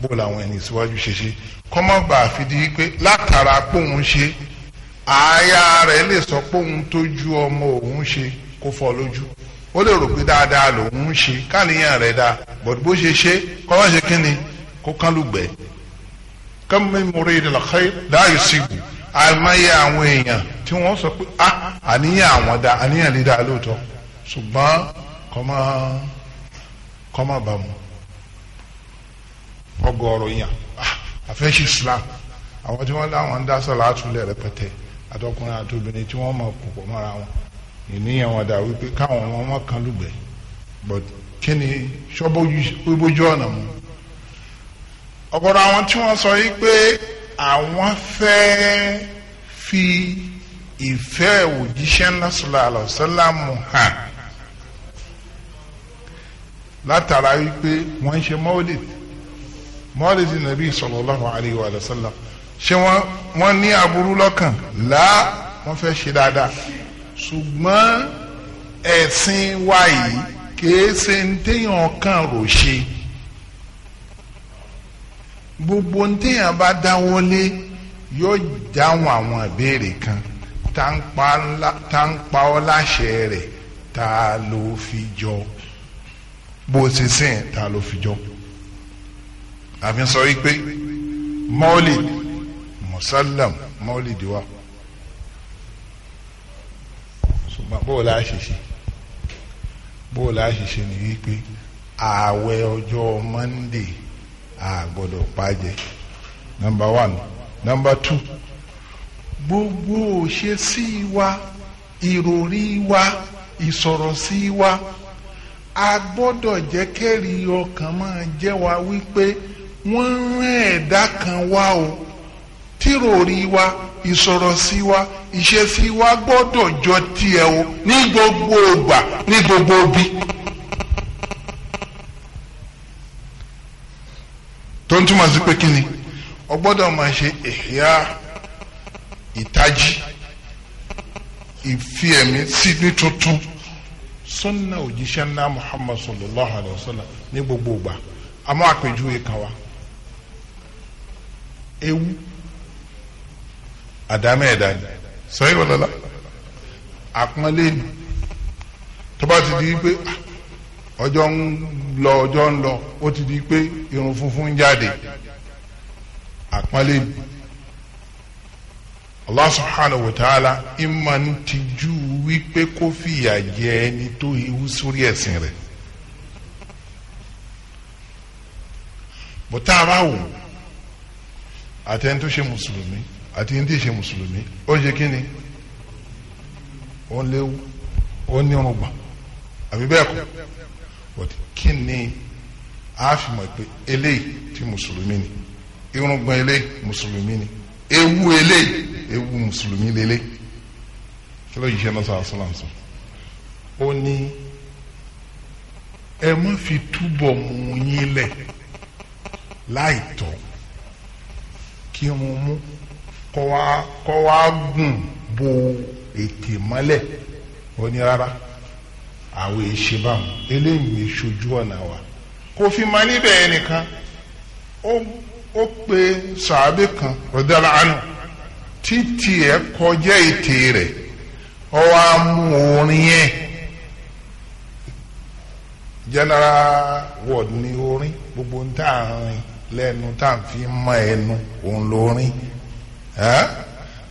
bó làwọn ẹni síwájú ṣe ṣe kọ́mọ́gbà àfidí pé látara póun ṣe àáyá rẹ̀ lè sọ póun tó ju ọmọ òun ṣe kó fọ́ lójú ó lè rò pé dáadáa lòun ń ṣe káníyàn rẹ̀ dáa bọ̀dù bó ṣe ṣe kọ́mọ́ ṣe kí ni kó kán lùgbẹ́ kam min muridil khair la yusibu àìmọye àwọn èèyàn tí wọ́n sọ pé ah àníyàn àwọn dáa àníyàn lè dáa lóòótọ́ ṣùgbọ́n kọ́mọ́ kọ́mọ́ bá mu ọgọ́rọ̀ yàn àfẹ́sí ah, Islam àwọn tí wọ́n láwọn ń dá sàlátù lẹ̀ rẹpẹtẹ àtọkùnrin àti obìnrin tí wọ́n mọ̀ púpọ̀ mọ́ra wọn ìníyàn wọn dà wípé káwọn wọn mọ̀ kan lùgbẹ́ but kí ni ṣọ́bójú ọ̀nà mu ọ̀gọ̀rọ̀ àwọn tí wọ́n sọ yìí pé àwọn fẹ́ fi ìfẹ́ òjíṣẹ́ ńlá sọlá àlọ́sọ́lámù hàn látara wípé wọ́n ń ṣe mọ́wọ́lẹ́tì mọ́lẹ́dì nàbí sallallahu alayhi wa sallam ṣé wọ́n wọ́n ní aburú lọ́kàn là wọ́n fẹ́ ṣe dáadáa ṣùgbọ́n ẹ̀sìn wa yìí kìí ṣe ń téèyàn kàn rò ṣe gbogbo ń téèyàn bá dáwọ́lé yóò dáhùn àwọn ìbéèrè kan tá ń pa ọ́ láṣẹ rẹ̀ ta ló fi jọ bó ṣe sìn ta ló fi jọ àfi sọ wípé mọ́ọ̀lìd mùsálàm mọ́ọ̀lìd wa ṣùgbọ́n bó o la ṣiṣẹ́ bó la ṣiṣẹ́ ni wípé ààwẹ̀ ọjọ́ mọ́ndé àgbọ̀dọ̀ pàjẹ́ nọmba one nọmba two gbogbo òṣè sí wa ìròrí wa ìsọ̀rọ̀ sí wa a gbọ́dọ̀ jẹ́ kẹ́rì ọkàn máa jẹ́ wa wípé. wọ́n rán ẹ̀dá kan wá o tirori wa ìsọ̀rọ̀ sí wa ìṣesí wa gbọ́dọ̀ jọ tiẹ̀ o ní gbogbo ìgbà ní gbogbo ibi. tó ń túmọ̀ sí pé kí ni o gbọ́dọ̀ máa ṣe ìhìá ìtají ìfi ẹ̀mí sí ní tuntun sunna òjíṣẹ́ ńlá muhammad sallallahu alayhi wa sallam ní gbogbo ìgbà a àpèjúwe kan wa. ewu àdámẹ́ ẹ̀dá ni sọ́yìn wọlọ́lá àpọ́nlé ni tó bá ti di pé ah, ọjọ́ ń lọ ọjọ́ ń lọ ó ti di pé irun funfun ń jáde àpọ́nlé ni Allah subhanahu wa ta'ala ìmọ̀ ń tijú wípé kó fìyà jẹ ẹni tó ewu sórí ẹ̀sìn rẹ̀ bọ́tà bá wò àti ẹni tó ṣe mùsùlùmí àti ẹni tí ṣe mùsùlùmí ó ṣe kí ni ó léwu ó ní ọrùngbà àbí bẹ́ẹ̀ kọ́ but kí ni a fi mọ̀ pé eléyìí ti mùsùlùmí ni irùngbọ̀n eléyìí mùsùlùmí ni ewu eléyìí ewu mùsùlùmí lélẹ̀ kí ló yìí ṣe náà sọ àṣọláṣọ ó ní ẹ má fi túbọ̀ mú yín lẹ̀ láì tọ́ kírun mú kọ́ wá kọ́ wá gùn bo ètè mọ́lẹ̀ ó ní rárá àwọn èṣe báwọn eléyìí ṣojú ọ̀nà wa kò fi máa níbẹ̀ ẹnìkan ó pe sàábé kan rọ̀dọ́lá àánú títí ẹ̀ kọjá ètè rẹ̀ ọ wá mú orin yẹn general ward ni orin gbogbo ń tà ń lẹ́nu tá à ń fi mọ ẹnu òun lórin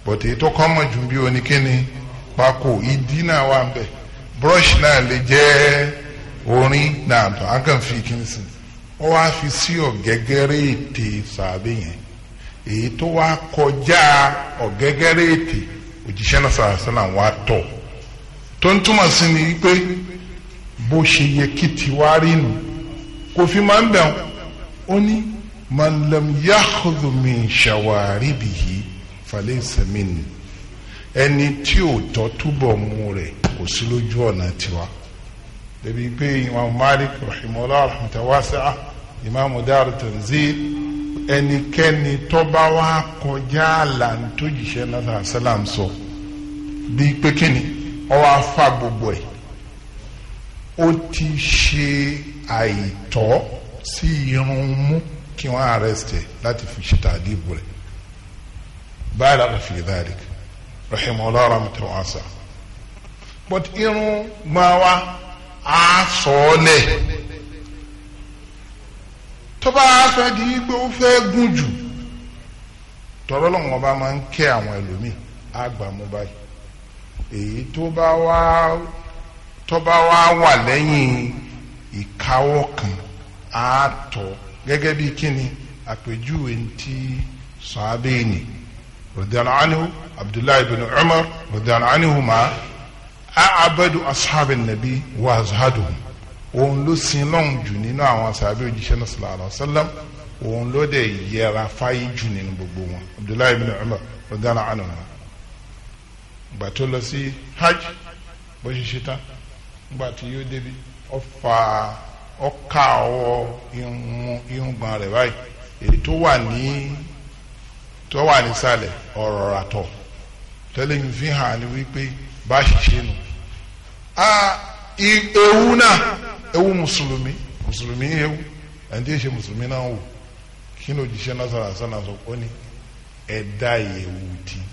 bọ̀tẹ̀ tó kọ́mọ̀ jù bí oníkíni pákó ìdí náà wà ń bẹ̀ brush náà lè jẹ́ orin náà tó fi kíni o wa wá fi sí ọ̀gẹ́gẹ́rẹ́ ètè sàbẹ̀ yẹn èyí tó wá kọjá ọ̀gẹ́gẹ́rẹ́ ètè òjíṣẹ́ náà sàrásẹ́ náà wá tọ̀ tó ń túmọ̀ sí ni pé bó ṣe yẹ kí tiwa fi máa ń bẹ̀ ọ́ man lam yakhudhu min bihi, falaysa minni ẹni tí ò tọ́ túbọ̀ mú rẹ̀ kò sí lójú ọ̀nà tiwa dẹbi pé imaamu malik rahimahullah rahmatawasa imaamu dar tanzil ẹnikẹ́ni tọ́ba wa kọjá àlà tó jìṣẹ́ náà sàlám sọ bíi pé ọwọ́ afa gbogbo ẹ̀ ó ti ṣe àìtọ́ sí irun mú. Si kí wọ́n arrest ẹ̀ láti fi ṣe tàdíbù rẹ̀ báyìí fi dhalik rahimahullah but irun gbọ́n wa á sọ ọ́ lẹ̀ di pé fẹ́ gùn jù tọ́rọ lọ́wọ́n ọba máa ń kẹ́ àwọn ẹlòmíì á gbà mú báyìí èyí tó bá wá tọ́ba wá wà lẹ́yìn gẹ́gẹ́ bíi kíni àpèjúwe ti sàábẹ́ẹ̀nì radiyallahu anhu abdullahi bin umar radiyallahu anhuma abadu ashabi nabi wa azhaduhum òun ló sin lọ́hùn jù nínú àwọn sàbẹ̀ òjíṣẹ́ náà sallallahu alaihi wasallam òun ló dẹ̀ yẹra fáyé jù nínú gbogbo wọn abdullahi bin umar radiyallahu anhu gbà tó lọ sí hajj bó ṣe ṣe tán gbà tí yóò débi ọ̀fà ọka ọwọ́ irùngbọ̀n rẹ̀ báyìí èyí tó wà ní tó wà nísàlẹ̀ ọ̀rọ̀ ràtọ̀ tẹ́lẹ̀ ń fi hàn ní wípé bá ṣiṣẹ́ nù. ewu náà ewu mùsùlùmí mùsùlùmí ewu ẹni tí yẹ ṣe mùsùlùmí náà wò kí ni òjíṣẹ́ náà sọ̀rọ̀ àṣà náà sọ pé ó ní ẹ̀dá ìyẹ̀wù dín.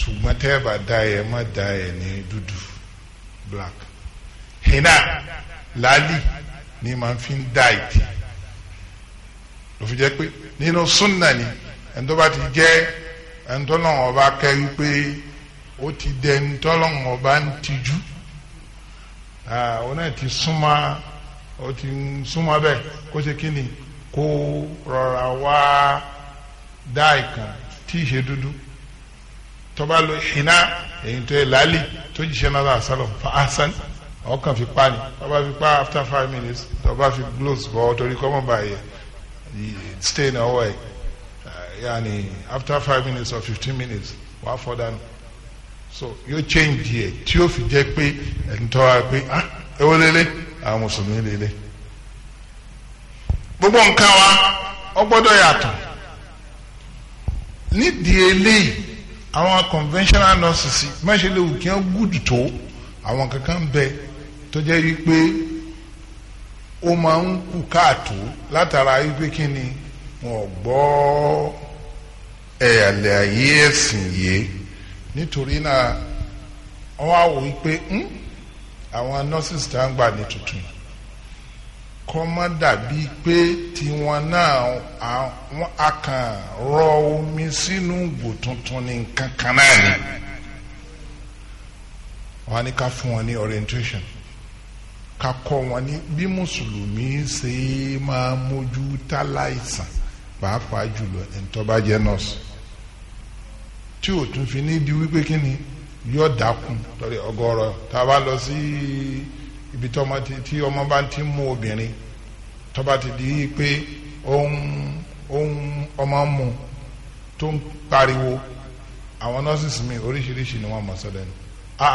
ṣùgbọ́n tẹ́ ẹ bá dá ẹ má dá ẹ ní dúdú black Hina, lali ni màá fi ń dá ìdí ló fi jẹ́ pé nínú sunna ni ẹni tó bá ti jẹ́ ẹni tó lọ́wọ́ ọba kẹ́ wípé ó ti dẹ ẹni tó lọ́wọ́ ọba ń tijú ọ náà ti súnmọ́ ó ti ń súnmọ́ bẹ́ẹ̀ kó ṣe kí ni kó rọra wá dá ìkan tí ì ṣe lo hina èyí tó yẹ lálẹ́ tó jíṣẹ́ náà bá sálọ fa asan ọkàn fi pa ni ọba fi pa after five minutes ọba fi gloves bọ́ torí kọ́mọ̀ báyìí stain ọwọ́ ẹ̀ uh, yaani after five minutes or fifteen minutes wàá fọ́ dànù so yóò change díẹ̀ tí yóò fi jẹ́ pé ẹni tọ́ wa pé ah ewo lele àwọn mùsùlùmí lele gbogbo nǹkan wa ó gbọ́dọ̀ yàtọ̀ nídìí eléyìí àwọn conventional nurses máṣe lè wù kí wọ́n gùdù tó àwọn kankan bẹ tó jẹ́ wípé ó máa ń kù káàtó látara wípé kí ni wọ́n gbọ́ ẹ̀yàlẹ̀ ayé ẹ̀sìn yìí nítorí náà wọ́n á wò wípé hmm, àwọn nurses tá ń gbà ní tuntun kọ́mọ́ dàbí pé tiwọn náà a kàn rọ omi sínú ìgò tuntun ní nǹkan kan náà ni wọ́n á ká fún wọn ní orientation ká kọ́ wọn ní bí mùsùlùmí ṣe máa mójú táláìsàn pàápàá jùlọ ẹ̀ńtọ́ba jẹ́ nọ́ọ̀sì tí ò tún fi ní di wípé kí ni yọ̀ọ́ dákun torí ọgọ́rọ̀ tá a bá lọ sí. Si, ibi tí ọmọ ti tí ọmọ bá ti mú obìnrin tó bá ti di pé òun òun ọmọ mu tó ń pariwo àwọn nọ́ọ̀sì mi oríṣiríṣi ni wọ́n mọ̀ sọ́dọ̀ ni a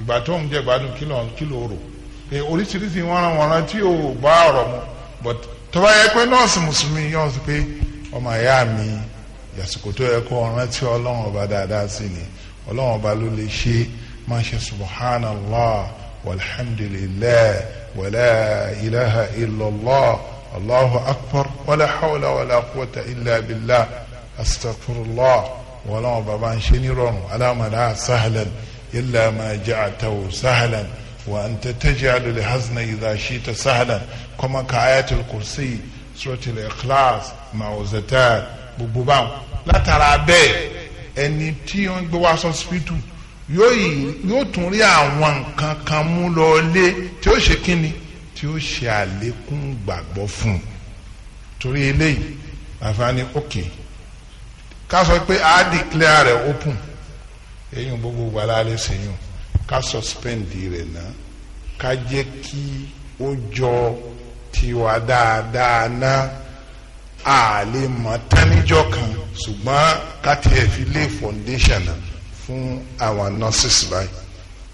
ìgbà tó ń jẹ gbádùn kìlọ̀ kìlọ̀ rò pé oríṣiríṣi wọn ràn wọn bá ọ̀rọ̀ mu but tó bá yẹ pé nọ́ọ̀sì mùsùlùmí yọ̀ sí pé ọmọ ẹ̀yà mi yàsìkò tó yẹ kó rántí ọlọ́run ọba dáadáa sí ni ọlọ́run ọba ló lè ṣe máa ṣe subhanallah. والحمد لله ولا إله إلا الله الله أكبر ولا حول ولا قوة إلا بالله أستغفر الله ولا بابان شنيرون على ما سهلا إلا ما جعته سهلا وأنت تجعل الحزن إذا شئت سهلا كما كآية الكرسي سورة الإخلاص مع معوزتان بوبوبان لا ترى بيه ẹni tí ó ń yóò tún rí àwọn nǹkan kan mú lọ lé tí ó ṣe kíni tí ó ṣe àlékún gbàgbọ́ fún un torí eléyìí bàbá ok ká sọ pé a declare rẹ̀ open eyín gbogbo wà lálẹ́ sẹ́yìn ká suspend rẹ̀ náà ká jẹ́ kí ó jọ tiwa dáadáa náà a lè mọ̀ tánijọ́ kan ṣùgbọ́n ká tiẹ̀ fi lé foundation náà fún àwọn nurses báyìí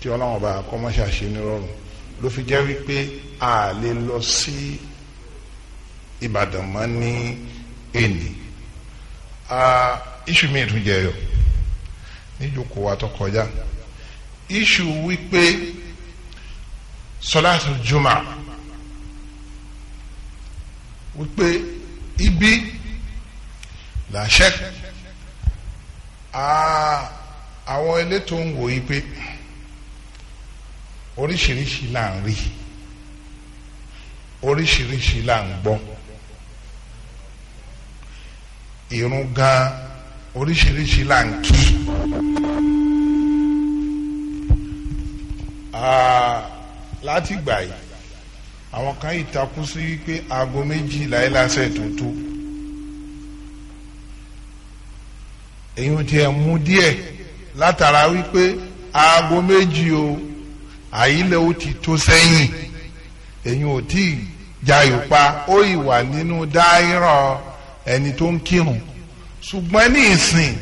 tí ọlọ́run bá kọ́mọ́ṣà ṣe nírọ̀rùn ló fi jẹ́ wípé a lè lọ sí Ìbàdàn mọ́ ní èní iṣu mi tún jẹyọ níjókòó wa tó kọjá iṣu wípé sọláàtù jùmọ̀ wípé ibi làṣẹ a àwọn elétò ń wò yí pé oríṣiríṣi là ń rí oríṣiríṣi là ń gbọ́ irun gan oríṣiríṣi là ń kí láti gbà yìí àwọn kan yìí takú sí pé aago méjìlá ẹ̀ lásẹ̀ tó tó èyí ò tiẹ̀ mú díẹ̀ látara wípé aago méjì o àyílẹ̀ ó ti tó sẹ́yìn èyàn ò tí ì jayò pa ó ìwà nínú dáírọ̀ ẹni tó ń kírun ṣùgbọ́n ní ìsìn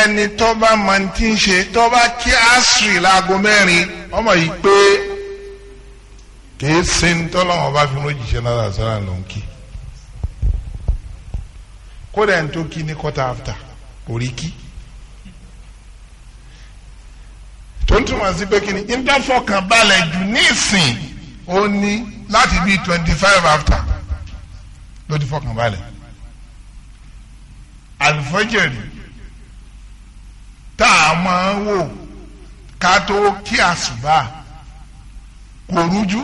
ẹni tó bá máa ti ń ṣe tó bá kí àṣírí láago mẹ́rin ọmọ yìí pé kìí sin tọ́lọ́wọ́n bá fi lójì ṣe náírà sọ́ra ló ń kí kódà ẹni tó kí ní quarter after kò kí. tó ń túmọ̀ sí pé kí ni ìtọ́fọkànbalẹ̀ jù ní ìsìn ó ní láti bíi twenty five after ló ti fọkànbalẹ̀ àlùfọ́jẹ̀rì tá a máa ń wò ká tó kí àsùbà kò rújú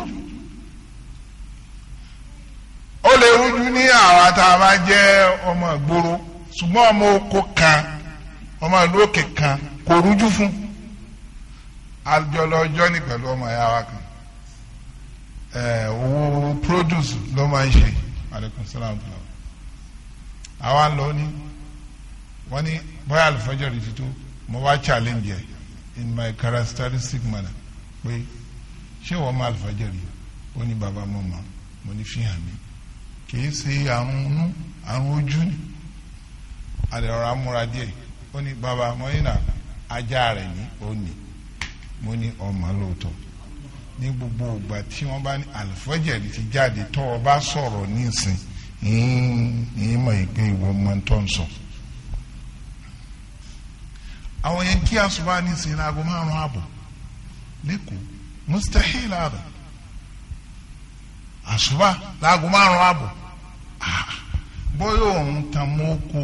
ó lè rújú ní àwa tá a bá jẹ́ ọmọ ìgboro ṣùgbọ́n ọmọ oko kan ọmọ ìlú òkè kan kò rújú fún un àjọlọ ọjọ́ ní pẹ̀lú ọmọ ẹ̀yà wa kan owó produce ló máa ń ṣe aleykum salaam tó lọ àwa ń lọ ní wọ́n ní bóyá àlùfáàjọ rẹ̀ tuntun mo wá challenge ẹ̀ in my characteristic manner pé ṣé wọ́n mọ àlùfáàjọ rẹ̀ ó ní bàbá mo mọ̀ mo ní fi hàn mí kì í ṣe àrùn inú àrùn ojú ni àdẹ̀rọ̀ amúra díẹ̀ ó ní bàbá mo ní nà ajá rẹ̀ ní ó mo ní ọmọ lóòótọ́ ní gbogbo ìgbà tí wọ́n bá ní àlùfọ́jẹ̀rì ti jáde tó o bá sọ̀rọ̀ nísìn yìí mọ̀ pé ìwọ ọmọ tó ń sọ. àwọn yẹn kí àsùbá nísìn ní aago márùn-ún ààbọ̀ lẹ́kọ̀ọ́ mustahil ààbọ̀ àsùbá láago márùn-ún ààbọ̀ ah, bóyá òun tàn mọ́ oko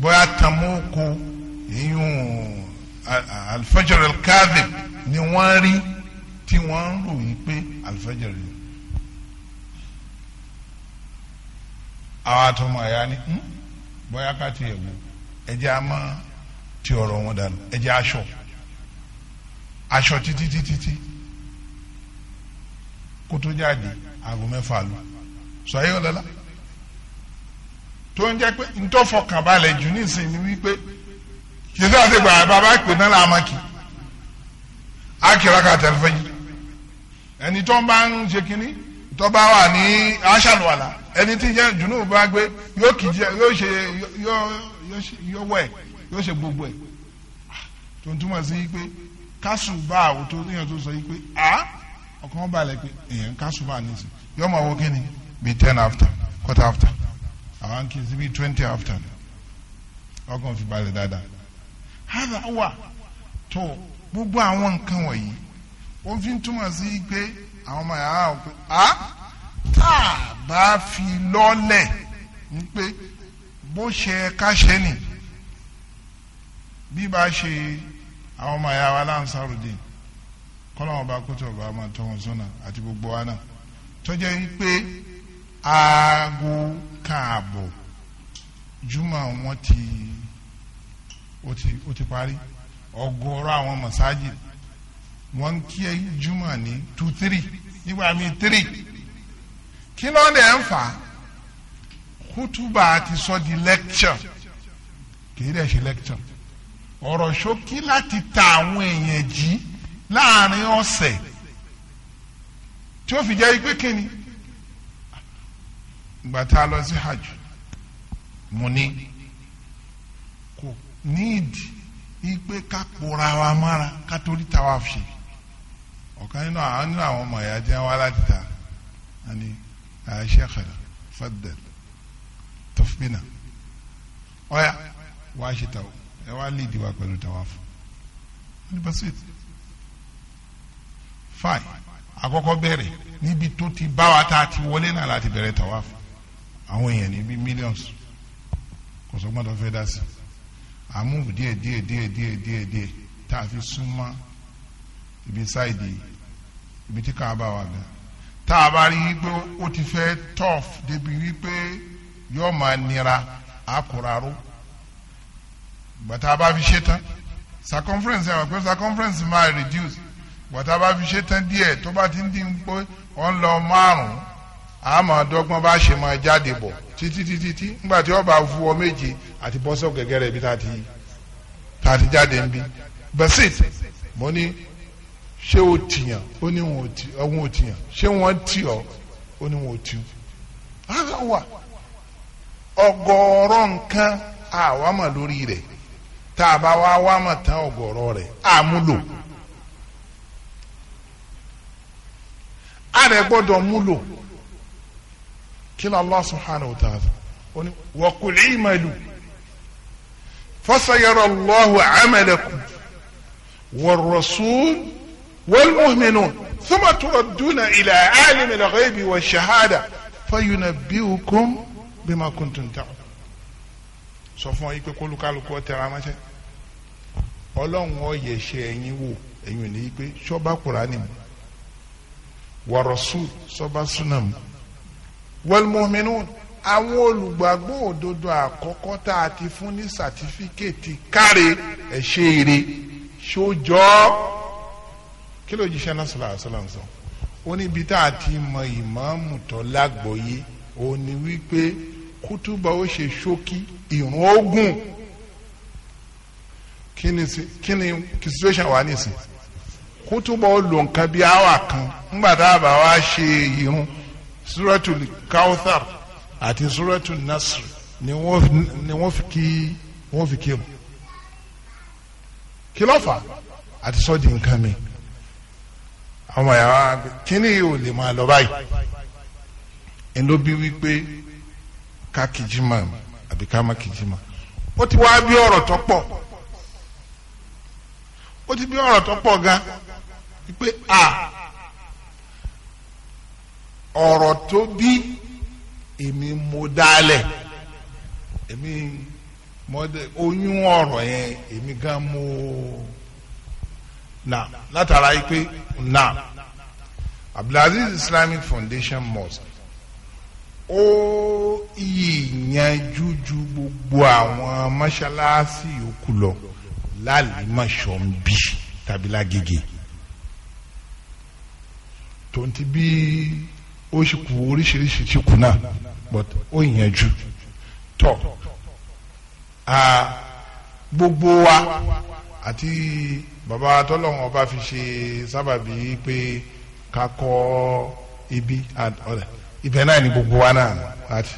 bóyá tàn mọ́ oko èyí ò alfajr alkazib ni wọ́n rí tí wọ́n ń ròyìn pé alfajr ni. àwọn àtọmọ ẹ̀yà ni hmm, bóyá ká tiẹ̀ wò ẹ̀jẹ̀ á máa ti ọ̀rọ̀ wọn dànù ẹ̀jẹ̀ aṣọ aṣọ títí títí tí kótó jáde aago mẹ́fà lọ sọ ayé ọ̀lẹ́lá tó ń jẹ́ pé ntọ́fọkànbalẹ̀ jù nísìnyí wípé kì í sọ́ọ́ sí gbà bàbá pè náà là á máa kì á kìrà ká tẹ̀lifẹ̀ yìí ẹni tó ń bá ń ṣe kínní tó bá wà ní aṣàlùwàlà ẹni tí jẹ́ dùnú bá gbé yóò kì í jẹ yóò ṣe yóò wẹ̀ yóò ṣe gbogbo ẹ̀ tó ń túmọ̀ sí pé kásùbà àwòtó yẹn tó sọ yìí pé a ọkàn balẹ̀ pé èèyàn kásùbà nísìnyí yóò máa wọ kínní bíi ten after quarter after àwọn kì sí bíi twenty after ọkàn fi balẹ̀ dáadáa. Hada wà to gbogbo àwọn nǹkan wọ̀nyí ó fi ń túmọ̀ sí pé àwọn ọmọ yàrá òkú a tá a bá fi lọ́lẹ̀ ní pé bó ṣe káṣẹ́ nì bí bá ṣe àwọn ọmọ yàrá wa láǹsàròdì kọ́lọ́wọ́n bá kótó ọba máa tọ́ wọn sọ́nà àti gbogbo wa náà tọ́jọ́ yìí pé aago kan jùmọ̀ wọn ti ó ti ó ti parí ọ̀gọ̀rọ̀ àwọn masajid wọ́n ń kí juma ní two three nígbà míì three kí ló ń dẹ̀ ń fà á ti sọ di lecture kìí dẹ̀ ṣe lecture ọ̀rọ̀ ṣókí láti ta àwọn èèyàn jí láàrin ọ̀sẹ̀ tí ó fi jẹ́ ipé kínni ìgbà lọ sí hajj mo ní níìdì wípé ká pòra wa mára ká torí táwa fi ọ̀kan nínú àwọn nínú àwọn ọmọ ìyá jẹ́ wá láti ta ani àṣekhara fadal tọfbina ọ̀yà wàá ṣe tàwọn ẹ wá líìdì wa pẹ̀lú táwa fún un ní basit fine àkọ́kọ́ bẹ̀rẹ̀ níbi tó ti bá wa tá a ti wọlé náà láti bẹ̀rẹ̀ tàwa fún àwọn èèyàn ní bíi millions kò sọ́gbọ́n tó fẹ́ dá sí i àmúhù díẹ̀ díẹ̀ díẹ̀ díẹ̀ díẹ̀ díẹ̀ tá a fi súnmọ́ ibi sáìdì ibi tí káà bá wà gan tá a bá rí pé ó ti fẹ́ tọ́f débi wípé yóò máa nira àkùràró gbàtà bá fi ṣe tán circumference àwọn pé circumference máa reduce gbàtà bá fi ṣe tán díẹ̀ tó bá ti ń dín pé ó ń lọ márùn-ún àmọ́ ọ̀dọ́gbọ́n bá ṣe máa jáde bọ̀. Titi titi tí nígbà tí ọba fu ọ méje àti bọ́sọ̀ gẹ́gẹ́ rẹ̀ bí tá a ti jáde ń bí basit mo ní ṣé o tìyàn ó ní wọn ò tìyàn ṣé wọn tì ọ ó ní wọn ò tì ọ. ara wà ọgọ́rọ̀ nǹkan lórí rẹ̀ tá a bá wá wá tán ọgọ́rọ̀ rẹ̀ àmúlò. a rẹ̀ gbọ́dọ̀ múlò kí ló Allah subhanahu wa ta'ala ó ní wa qul i'malu fasayara Allahu 'amalakum والرسول والمؤمنون ثم تردون إلى عالم الغيب والشهادة فينبئكم بما كنتم تعملون sọ fún ọ yìí pé kólúkálukú ọ tẹra máṣẹ Ọlọ́run ọ yẹ̀ṣẹ̀ ẹ̀yin wò ò ní yí pé sọ́ba kùránì mu wọ̀rọ̀sù sọ́ba súnà mu wal-mu'minun àwọn olùgbàgbọ́ òdodo àkọ́kọ́ tá a ti fún ní sàtífíkẹ́ẹ̀tì káre ẹ̀ṣẹ́ ire ṣojọ́ kí ló jíṣẹ́ náà sọ̀rọ̀ àṣọlá sọ ó ní ibi tá a ti mọ ìmáàmù tó lágbọ́yé ó wípé kútúbà ó ṣe ṣókí ìrún ogun kí ni kí situation wà nísìn kútúbà ó lò nǹkan bí àwà kan ńgbà tá a bá wá ṣe ìrún suratu kawthar àti suratu nasr ni wọ́n fi kí wọ́n fi kí mu kí ló fà àti sọ di nǹkan mi àwọn yàrá kíní yìí ò lè máa lọ báyìí ẹni bí wípé ká kìjìmá àbí ká má kìjìmá ó ti wá bí ọ̀rọ̀ tó pọ̀ ó ti bí ọ̀rọ̀ tó pọ̀ gan wípé a. Ah, ọ̀rọ̀ tó bí èmi mo dálẹ̀ èmi mọdẹ oyún ọ̀rọ̀ yẹn èmi gan mo na látara yìí pé na Abdulaziz Islamic Foundation Mosque ó yìnyẹn jújú gbogbo àwọn mọ́ṣáláṣí yòókù lọ lálìmọ̀ṣọ́nbí tàbí lágége tonti bíi ó sì kú oríṣiríṣi tí kù náà but ó yẹn jù tọ gbogbo wa àti bàbá tọ́lọ́hún ọba fi ṣe sábàbí pé ká kọ́ ibi ibẹ̀ náà ni gbogbo wa náà àti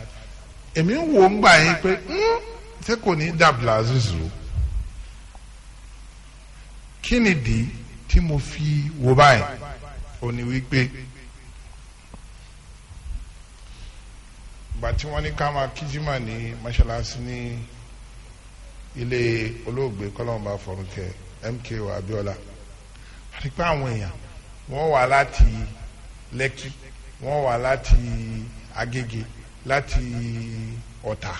èmi ń wò ń gbà yín pé hmm, ṣé kò ní dàbílà zùzù kí nìdí tí mo fi wò báyìí ó wípé. ìgbà tí wọ́n ní ká máa kíjímà ní mọ́ṣáláṣí ní ilé olóògbé kọ́lọ́mùbá fọ̀rùnkẹ́ MKO Abiola àti pé àwọn èèyàn wọ́n wà láti Lẹ́kì wọ́n wà láti Agége láti Ọ̀tà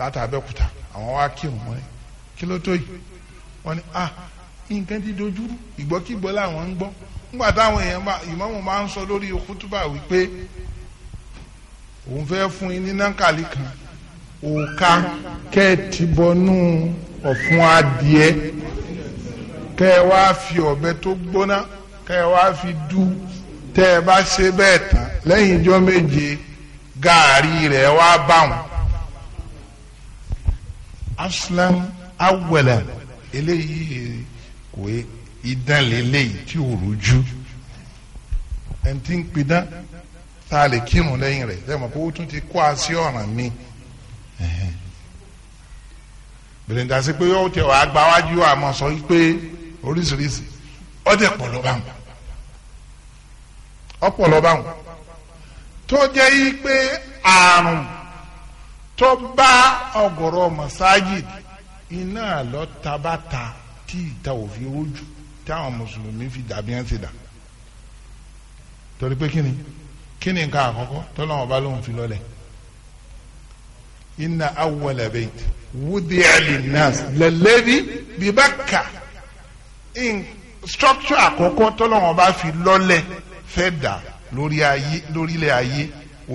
láti Abẹ́òkúta àwọn wá kírun wọn kí ló tó yìí wọ́n ní ah nǹkan ti dojúrú ìgbọ́kígbọ́ làwọn ń gbọ́ nígbà táwọn èèyàn ìmáàmù máa ń sọ lórí kútúbà wípé òun fẹ́ fún yín ní nákàlí kan òka kẹ́ẹ̀tì bọnú ọ̀fun adìẹ kẹ́ ẹ wá fi ọ̀bẹ tó gbóná kẹ́ ẹ wá fi dú tẹ́ ẹ bá ṣe bẹ́ẹ̀ tán lẹ́yìn ijọ́ méje gaari rẹ̀ wá bá wọn. aslam awẹlẹ eléyìí kò idán lélẹyìí tí ò rújú ẹni tí ń pidán tá a lè kírun lẹ́yìn rẹ̀ ẹ mọ̀ pé ó tún ti kó a sí ọ̀ràn mi bẹ̀rẹ̀ ní dasí pé ó tẹ wàá gba wájú àmọ́ sọ pé oríṣiríṣi ó tẹ pọ̀ lọ́ba wọn ọ̀pọ̀ lọ́ba wọn tó jẹ́ yí pé àrùn tó bá ọ̀gọ̀rọ̀ masajid iná lọ tabata tí ìta òfin rojú táwọn mùsùlùmí fi dàbí ẹ̀ ń ṣe dà torí pé kí ni kí ni nǹkan àkọ́kọ́ tọ́lọ́wọ́n bá lóun fi lọ́lẹ̀ inna awwala bayt wudi'a linnas lalladhi bibaka. Bakka structure àkọ́kọ́ tọ́lọ́wọ́n bá fi lọ́lẹ̀ fẹ́ dà lórí ayé lórílẹ̀ ayé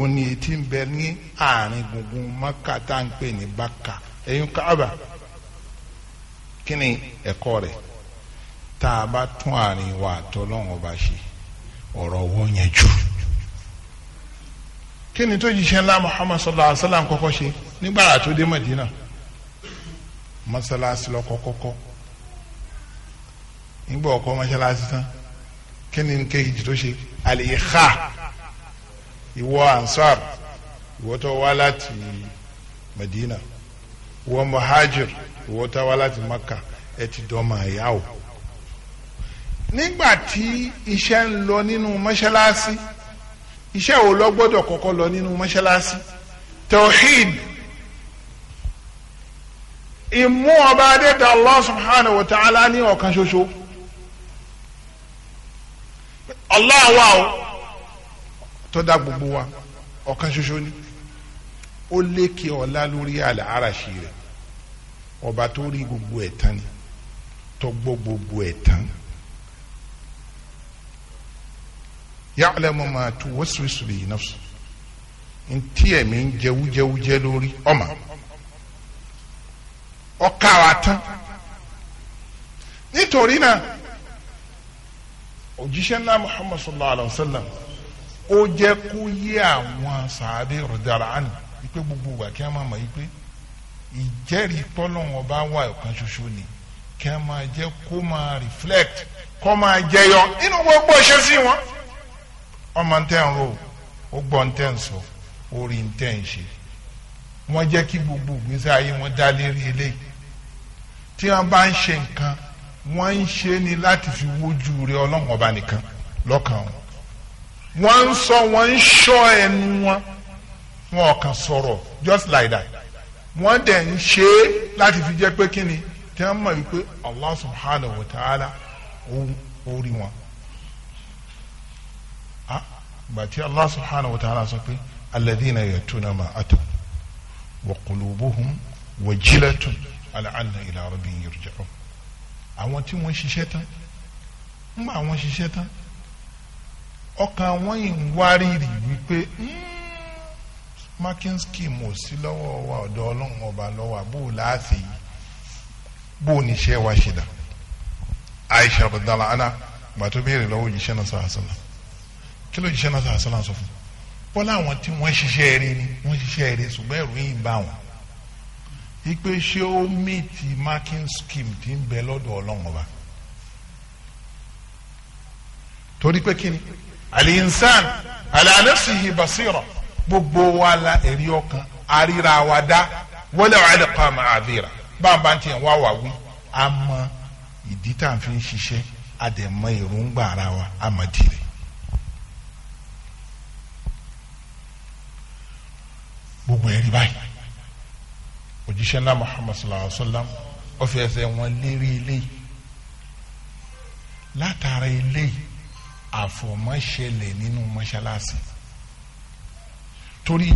òní etí ń bẹ ní àárín gbùngbùn Maka tá à ń pè ní Bakka ẹ̀yin Kaaba kí ni ẹ̀kọ́ rẹ̀ tá a bá tún àárín wa àtọ́lọ́wọ́n bá ṣe ọ̀rọ̀ wọ́n yẹn jù kí ni tó jíṣẹ́ ńlá muhammad sallallahu alaihi wa sallam kọ́kọ́ ṣe nígbàrà tó dé madina masalasi lọkọ kọ́kọ́ nígbà ọkọ masalasi tán kí ni nkéjì tó ṣe àlèyíká ìwọ ansar ìwọ tó wá láti madina ìwọ muhajir ìwọ tó wá láti makka ẹ ti dọ́mọ ẹ̀yà o nígbà tí iṣẹ́ ń lọ nínú masalasi iṣẹ́ wo lọ gbọ́dọ̀ kọ́kọ́ lọ nínú mọ́ṣáláṣí tawhid ìmú ọba adéta allah subhanahu wa ta'ala ní ọ̀kan ṣoṣo allah wa o tó dá gbogbo wa ọ̀kan ṣoṣo ni ó lékè ọlá lórí àlàáràṣì rẹ̀ ọba tó rí gbogbo ẹ̀ tán ni tó gbọ́ gbogbo ẹ̀ tán ni. ya'lamu ma tuwaswisu bihi nafsu ntí ẹ̀mí ń jẹwújẹwújẹ lórí ọmọ ọkà wa tán nítorí náà òjíṣẹ́ ńlá muhammad sallallahu alayhi wa sallam ó jẹ́ kó yé àwọn sàádé rọ̀dàrà àná wípé gbogbo wa kí wọ́n máa mọ̀ wípé ìjẹ́rìí pọ́lọ́wọ́n bá wà ọ̀kan ṣoṣo ni kí wọ́n máa jẹ́ kó máa reflect kó máa jẹyọ nínú gbogbo ìṣesí wọn ọmọ ń tẹ̀ ń ro ó gbọ́ ń tẹ̀ ń sọ orí ń tẹ̀ ń ṣe wọ́n jẹ́ kí gbogbo ìgbésí ayé wọn dá lérí eléyìí tí wọ́n bá ń ṣe nǹkan wọ́n ń ṣe ni láti fi wójú rẹ ọlọ́run ọba nìkan lọ́kàn wọn wọ́n ń sọ wọ́n ń ṣọ́ ẹnu wọn wọn kàn sọ̀rọ̀ just like that wọ́n dẹ̀ ń ṣe é láti fi jẹ́ pé kí ni tí wọ́n mọ̀ wípé Allah subhanahu wa ta'ala ó rí wọn gbàtí allah subhanahu wa ta'ala sọ pé alladhina yatuna ma ata wa qulubuhum wajilatun ala'anna ila rabbihim yurja'un àwọn tí wọ́n ṣiṣẹ́ tán ń bá àwọn ṣiṣẹ́ tán ọkàn wọn yìí ń wárìrì wípé hmm, marking scheme ò sí lọ́wọ́ wa ọ̀dọ̀ ọlọ́run ọba lọ́wọ́ àbúrò láàfin yìí bó ní ṣe wá ṣe dà aisha radala ana gbàtó béèrè lọ́wọ́ òjíṣẹ́ náà sàásùlá kí ló jíṣẹ́ náà sàlá sọ fún bọ́lá àwọn tí wọ́n ṣiṣẹ́ eré ni wọ́n ṣiṣẹ́ eré ṣùgbọ́n ẹ̀rù yìí ń bá wọn. ipe ṣé ó mí ti marking scheme ti ń bẹ lọ́dọ̀ ọlọ́run ọba torí pé kí ni al-insan ala nafsihi basira gbogbo wa la ẹ̀rí ọkàn àríra wa dá wọlé wàhálà pa àmà àdìrà báńbá ti ń wá wà wí a mọ ìdí tá à fi ń ṣiṣẹ́ a dẹ̀ mọ èròǹgbà ara wa a mọ tirẹ̀. gbogbo ẹ̀rí báyìí òjíṣẹ́ ńlá muhammad sallallahu alayhi wa sallam ó fi ẹsẹ̀ wọn lérí eléyìí látara eléyìí àfọ̀mọ́ṣẹlẹ̀ nínú mọ́ṣáláṣí torí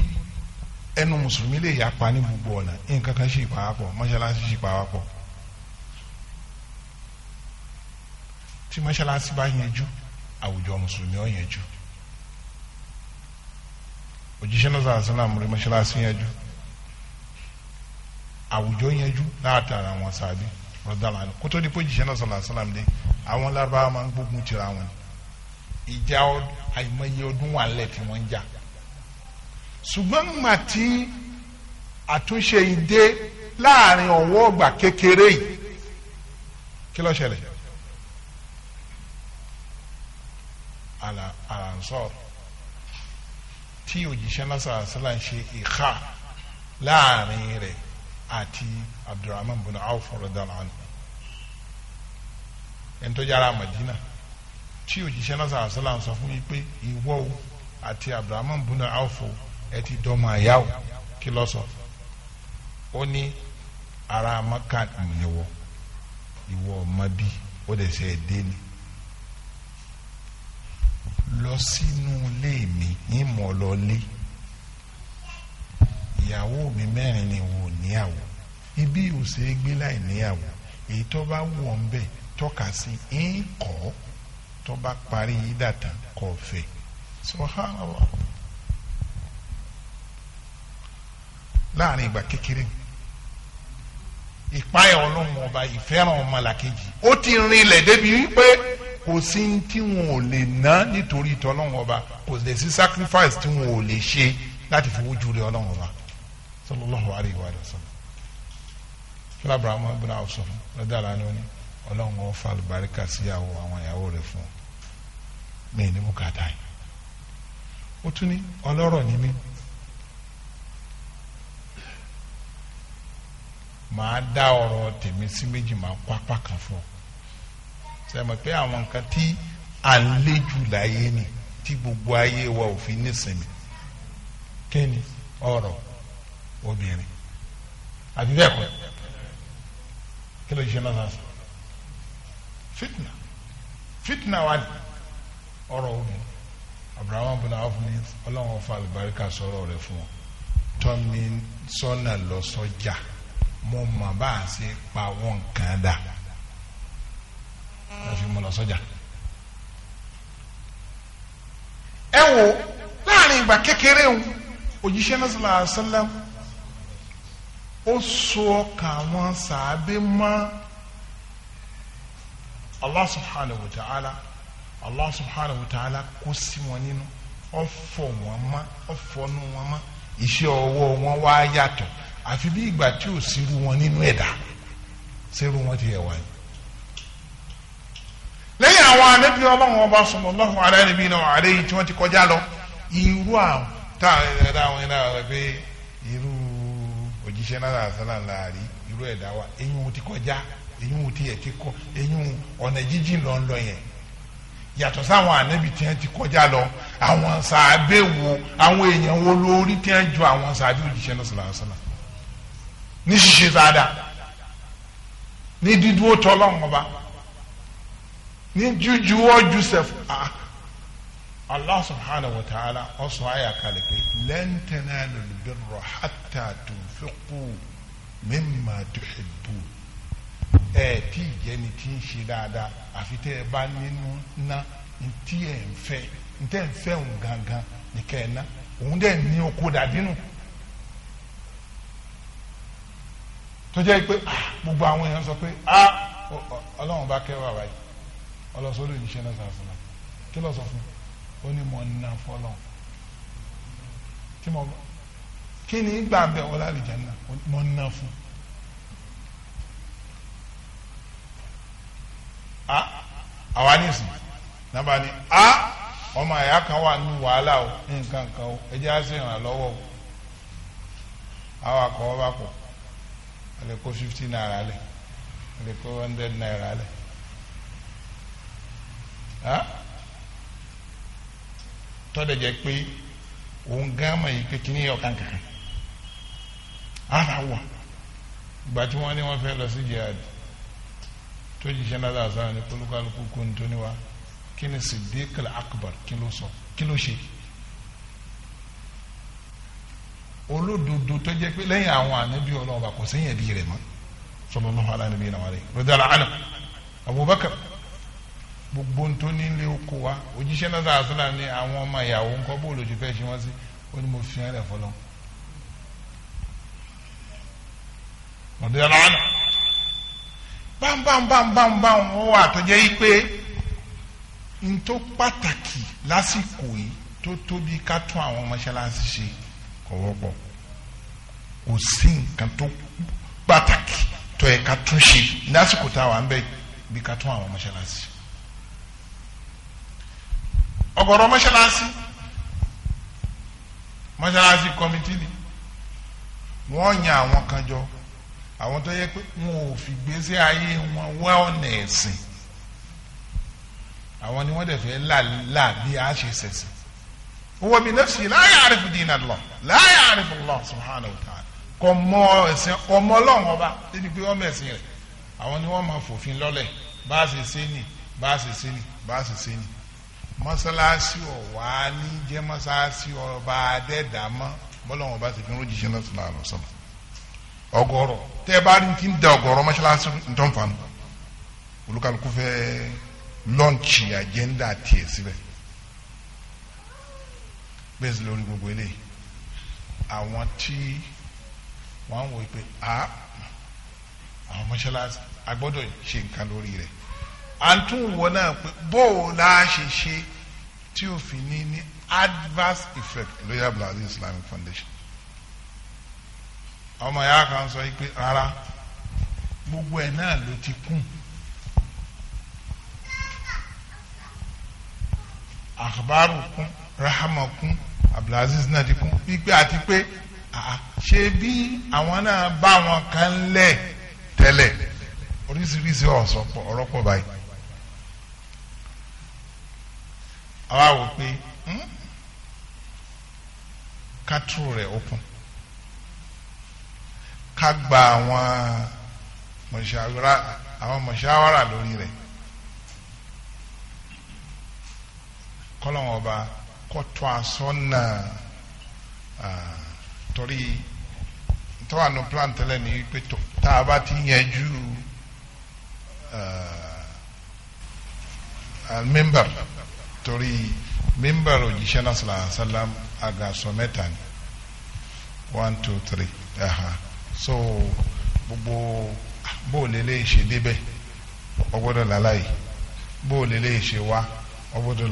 ẹnu mùsùlùmí lè yapa ní gbogbo ọ̀nà nǹkan kan sì pàápọ̀ mọ́ṣáláṣí sì pàápọ̀ tí mọ́ṣáláṣí bá yẹn jù àwùjọ mùsùlùmí ó yẹn jù òjíṣẹ́ náà sàrà sílẹ̀ àmúrí mọ́ṣáláṣí yẹn jù àwùjọ yẹn jù látara àwọn sàbí rọdàlá ni kótó dípò òjíṣẹ́ náà sàrà sílẹ̀ àmúrí àwọn lárúbáwá máa ń gbógun tira wọn ìjà àìmọye ọdún wà lẹ̀ tí wọ́n ń jà ṣùgbọ́n ńgbà tí àtúnṣe ìdè láàrin ọ̀wọ́ ọgbà kékeré yìí kí ló ṣẹlẹ̀ àlà àlà ń sọ̀rọ̀ tí òjíṣẹ́ lásà sílà ń ṣe ìhà láàrin rẹ̀ àti Abdurrahman bin Awf radhiyallahu anhu ẹni tó yára Madina tí òjíṣẹ́ lásà sílà ń sọ fún mi pé ìwọ o àti Abdurrahman bin Awf ẹ ti dọ́mọ àyà o kí lọ sọ ó ní ara maka nìwọ ìwọ ọmọ bíi ó dẹ̀ sẹ́ ẹ dé ni lọ sínú ilé mi wọn lọ lé ìyàwó mi mẹ́rin ni wò níyàwó ibi òsè gbé láì níyàwó èyí tó bá wù ọ́ ń bẹ̀ tọ́ka sí ń kọ́ tó bá parí dàtà kọ́ fẹ́ sọ́hánàlá láàrin ìgbà kékeré ìpáyà ọlọ́run ọba ìfẹ́ràn ọmọlàkejì ó ti rinlẹ̀ débi wípé kò sí tí wọn ò lè ná nítorí ìtọ́ ọlọ́run ọba kò lè sí sacrifice tí wọn ò lè ṣe láti fi wójú rẹ ọlọ́run ọba sallallahu alayhi wa sallam kílábàrà ọmọ ibùdó àwùsọ lọ́dọ̀ àlá ni ó ní ọlọ́run ó fa àlùbáríkà síyàwó àwọn ìyàwó rẹ̀ fún mi ní bùkátà yìí ó tún ní ọlọ́rọ̀ ní mí màá dá ọ̀rọ̀ tèmi sí méjì màá kó kan fún ọ sẹ́mi pé àwọn nǹkan tí à ń lé jù láyé ni tí gbogbo ayé wa ò fi nísìnyí kéènì ọ̀rọ̀ obìnrin àbí bẹ́ẹ̀ kọ́ kí ló ṣe náà sọ fitna fitna wa ni ọ̀rọ̀ obìnrin abrahamu bin awf ni ọlọ́run ọ̀fà àlùbáríkà sọ̀rọ̀ rẹ̀ fún ọ tọ́ni sọ́nà lọ mo mọ̀ bá a ṣe pa wọ́n kan dáa la fi mú lọ sọ́jà. ẹ wo láàrin ìgbà kékeré o òjíṣẹ́ náà sọ̀rọ̀ àṣẹlẹ̀ ó so ọkàn àwọn sàábé mọ́ Allah subhanahu wa ta'ala Allah subhanahu wa ta'ala kó sí wọn nínú ọfọ wọn mọ́ ọfọnú wọn mọ́ iṣẹ́ ọwọ́ wọn wá yàtọ̀ àfi bí ìgbà tí ò sírú wọn nínú ẹ̀dá sírú wọn ti yẹ wáyé àwọn ànábì ọlọ́run ọba sallallahu ala nabina wa alayhi tí wọ́n ti kọjá lọ irú àwọn tá ẹ̀dá àwọn iná rẹ̀ pé irú òjíṣẹ́ náà sálà láàrí irú ẹ̀dá wa eyín wọn ti kọjá eyín wọn ti yẹ ti kọ eyín ọ̀nà jíjìn lọ ń lọ yẹn yàtọ̀ sáwọn ànábì tí wọ́n ti kọjá lọ àwọn sàábẹ̀ wo àwọn èèyàn wo lórí tí wọ́n ju àwọn sàábẹ̀ òjíṣẹ́ náà sálà sálà ní ṣíṣe sáadà ní dídúró tọ́ lọ́wọ́n ọba ní jújúwọ́ Joseph ah Allah subhanahu wa ta'ala ọ̀sùn àyà kalẹ̀ pé lan tanalul birra hatta tunfiqu mimma tuhibbu ẹ tí ìjẹni tí ń ṣe dáadáa àfi tẹ ẹ bá nínú ná ntí ẹ ń fẹ́ ntẹ ń fẹ́ òun gangan nìkẹ́ ẹ ná òun dẹ̀ ní oko dàdínù. tó jẹ́ pé ah, gbogbo àwọn èèyàn sọ pé ah, ọlọ́run bá kẹ́ wà báyìí ọlọsọdọ ìṣe náà sàṣìlá kí lọ sọ fún ó ní mọ nà fọlọ kí mọ kí ni gbà bẹ wọlé àlìjáná mọ nà fún. àwa ní ìsìn nàbà ni a ọmọ àyà kan wà ní wàhálà o nǹkan kan o ẹ jẹ́ àṣẹ ìrànlọ́wọ́ o àwọn akọ̀wé bá pọ̀ ẹ kó fifty naira lẹ̀ ẹ kó hundred naira lẹ̀ tọ́dẹ̀ jẹ́ pé òun gán mọ̀ yìí pé kíní ọ̀kan kankan ara wà ìgbà tí wọ́n ní wọ́n fẹ́ lọ sí jihad tó jíṣẹ́ náà lásán ní kólúkálukú kó ní tóní wa kí ni Siddiq al-Akbar kí ló sọ kí ló ṣe olódodo tó jẹ́ pé lẹ́yìn àwọn ànábì Ọlọ́run bá kò sẹ́yìn ẹbí rẹ̀ mọ́ sallallahu alaihi wa sallam rọdàlá àná Abubakar gbogbo ń tó nílé oko wa òjíṣẹ́ náà sàásùlà ni àwọn ọmọ ìyàwó ńkọ́ bó lójú fẹ́ ṣe wọ́n sí ó ní mo fi hàn rẹ̀ fọlọ́ ọ̀dọ́ yàrá wọn. bámbámbámbámbám ó wà tó jẹ́ yí pé n tó pàtàkì lásìkò yìí tó tóbi ká tún àwọn mọ́ṣáláṣí ṣe kọ̀wọ́pọ̀ kò sí nǹkan tó pàtàkì tó yẹ ká ọ̀gọ̀rọ̀ mọ́ṣáláṣí mọ́ṣáláṣí kọ́mítì ni wọ́n yan àwọn kan jọ àwọn tó yẹ pé wọn ò fi gbèsè ayé wọn wá àwọn ni wọ́n dẹ̀ fẹ́ là bí a ṣe ṣẹ̀ṣẹ̀ huwa bi nafsi la ya'rifu dina Allah la ya'rifu Allah subhanahu wa ta'ala kò mọ ẹ̀sìn kò mọ Ọlọ́run ọba débi pé wọ́n mọ̀ ẹ̀sìn rẹ̀ àwọn ni wọ́n máa fòfin lọ́lẹ̀ bá a ṣe ṣe ni bá a ṣe ṣe ni bá a ṣe ṣe ni mọ́sálásí ọ̀wá ní jẹ́ mọ́sálásí ọba adẹ́dàmọ́ bọ́lọ́wọ́n bá ti fi rújì ṣe lọ́sọ̀lá àlọ́sọ̀lá ọ̀gọ̀rọ̀ tẹ́ ẹ bá rí ti ń da ọ̀gọ̀rọ̀ mọ́sálásí ntọ́n fa nù olùkàlùkù fẹ́ lọ́ǹchì àjẹ́ndà tiẹ̀ síbẹ̀ bẹ́ẹ̀ sì lórí gbogbo eléyìí àwọn tí wọ́n wò pé a ah, àwọn mọ́sálásí a gbọ́dọ̀ ṣe nǹkan lórí rẹ̀ à ń tún wọ náà pé la ṣe ṣe tí ò fi ní adverse effect lórí abdulhadi Islamic Foundation ọmọ ìyá kan sọ pé rárá gbogbo ẹ̀ náà ló ti kún. akhbaru kún rahama kún abdulaziz náà ti kún wípé àti pé ṣe bí àwọn náà bá wọn kan lẹ̀ tẹ́lẹ̀ oríṣiríṣi ọ̀sọ̀pọ̀ ọ̀rọ̀pọ̀ báyìí àwa wò pé hmm? kátó rẹ̀ ó kún ká gba àwọn mọ̀ṣáwárà àwọn mọ̀ṣáwárà lórí rẹ̀ kọ́lọ́wọ́n ọba kọ́tọ́ asọ́nà torí tọ́wà nù plan tẹ́lẹ̀ ní wípé tó tá a bá ti yanjú member. torí mímbàrò náà sàlám mẹ́ta ni aha so gbogbo débẹ̀ ọgbọ́dọ̀ wá ọgbọ́dọ̀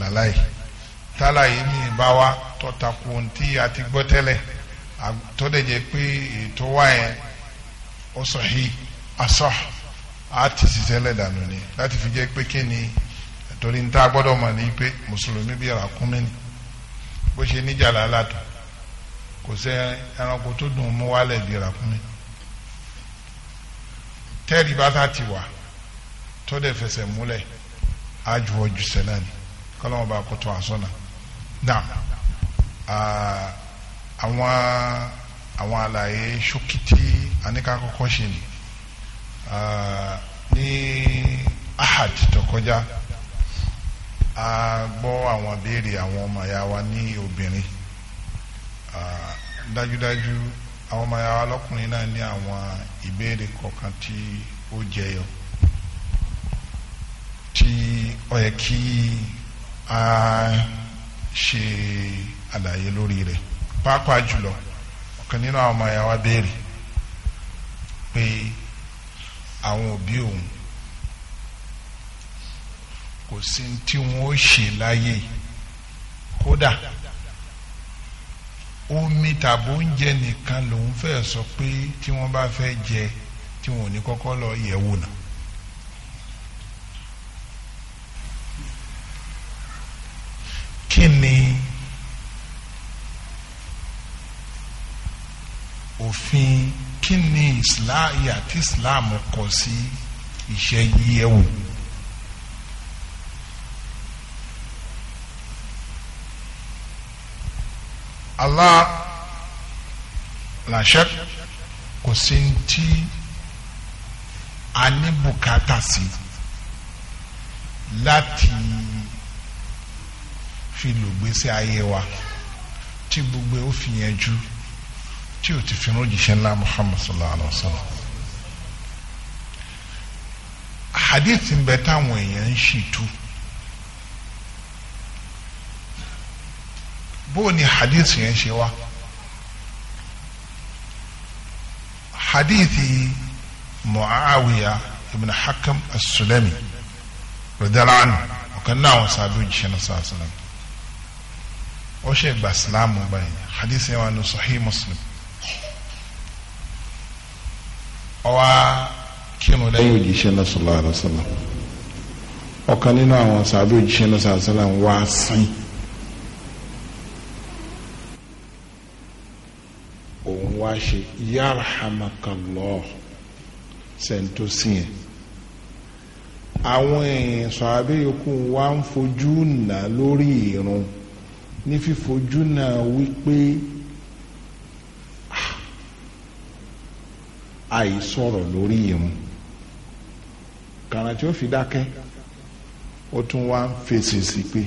tálàyé tọ́takù a àtọ́dẹ̀jẹ́ pé ètò wá yẹn ni láti fi jẹ́ pé torí n ta gbọ́dọ̀ mọ̀ ní pé mùsùlùmí bí ràkúnmí ni bó ṣe níjà lálàtọ̀ kò sẹ́ ẹranko tó dùn mú wálẹ̀ bí ràkúnmí tẹ́ẹ̀rì bá ta ti wà tó dẹ̀ fẹsẹ̀ múlẹ̀ ájú ọjù sẹ́lẹ̀ ni kọ́lọ́mọ̀ bá kó àsọ̀nà náà àwọn àwọn àlàyé ṣókìtì àníkàkọ́kọ́ ṣe ni ní ahad tó kọjá a gbọ́ àwọn béèrè àwọn ọmọ ya wa ní obìnrin dájúdájú àwọn ọmọ ya wa lọ́kùnrin náà ní àwọn ìbéèrè kọ̀ọ̀kan tí ó jẹyọ tí ó yẹ kí a ṣe àlàyé lórí rẹ̀ pàápàá jùlọ ọ̀kan nínú àwọn ọmọ ya wa béèrè pé àwọn òbí òun kò sí tí wọn ó ṣe láyé kódà omi tàbí oúnjẹ nìkan lòun fẹ́ sọ pé tí wọ́n bá fẹ́ jẹ tí wọn ò ní kọ́kọ́ lọ yẹ̀ wò náà. kí ni òfin kí ni islam àti islam kọ sí iṣẹ́ yíyẹ̀wò. Allah làṣẹ kò sí ti a ní bùkátà sí láti fi lògbèsè ayé wa tí gbogbo ó fi yẹn jú tí o ti fi ń ńlá Muhammad sallallahu alaihi wa sallam hadith ń bẹ táwọn èèyàn ń ṣì bó ni hadith yẹn ṣe wá hadithi muawiya ibn hakam as-sulami radiyallahu anhu ọ̀kan náà wọn sábẹ́ òjíṣẹ́ náà sáà sàlám ó ṣe gba sílámù báyìí hadith yẹn wà ní sahih muslim ọwá kírun lẹ́yìn òjíṣẹ́ náà sallallahu alaihi wasallam ọ̀kan nínú àwọn sábẹ́ òjíṣẹ́ náà sáà wá sìn. ṣe yarhamakallah sẹ́ńtòsí yẹn àwọn èèyàn sọ abẹ́yẹ̀kú wa ń fojú nà lórí ìrun ní fífojú nà wípé ah, àìsọ̀rọ̀ lórí ìrun kàrà tí ó fi dákẹ́ ó tún wá ń fèsì sí pé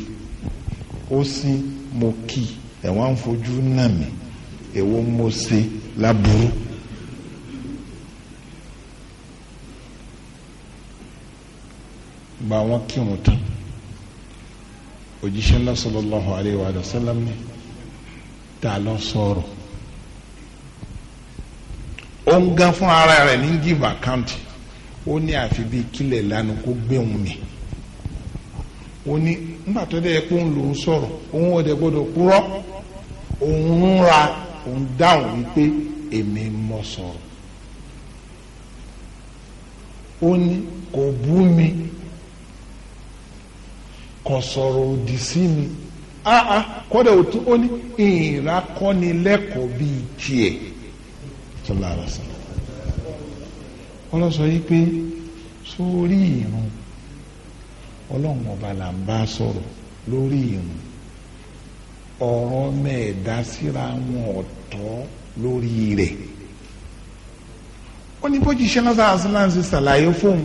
ó sì mo kí ẹ̀ wá ń fojú nà mí èwo mo ṣe. E laburu ba wọn kírun tán òjíṣẹ́ ńlá sallallahu alayhi ni ta ló sọ̀rọ̀ ó ń gán fún ara rẹ̀ ní give account ó ní àfi bíi kílẹ̀ lánàá kó gbé òun mi ó ní nígbà tó dé ẹ pé òun lòún sọ̀rọ̀ òun ò gbọ́dọ̀ ra. òun dáhùn wípé èmi mọ sọ̀rọ̀ ó ní kò bú mi kò sọ̀rọ̀ òdì sí mi áá ah, ah, kọ́dà òtún ó ní ìrakọ́nilẹ́kọ̀ọ́ bíi tiẹ̀ sallallahu alaihi wasallam ọlọ́ sọ pé sórí ìrun ọlọ́run ọba là ń bá sọ̀rọ̀ lórí ìrun ọ̀rọ̀ mẹ́ẹ̀dá síra wọn ọ̀tọ̀ lórí rẹ̀ ó ní bójú iṣẹ́ náà aslan ṣe ṣàlàyé fóun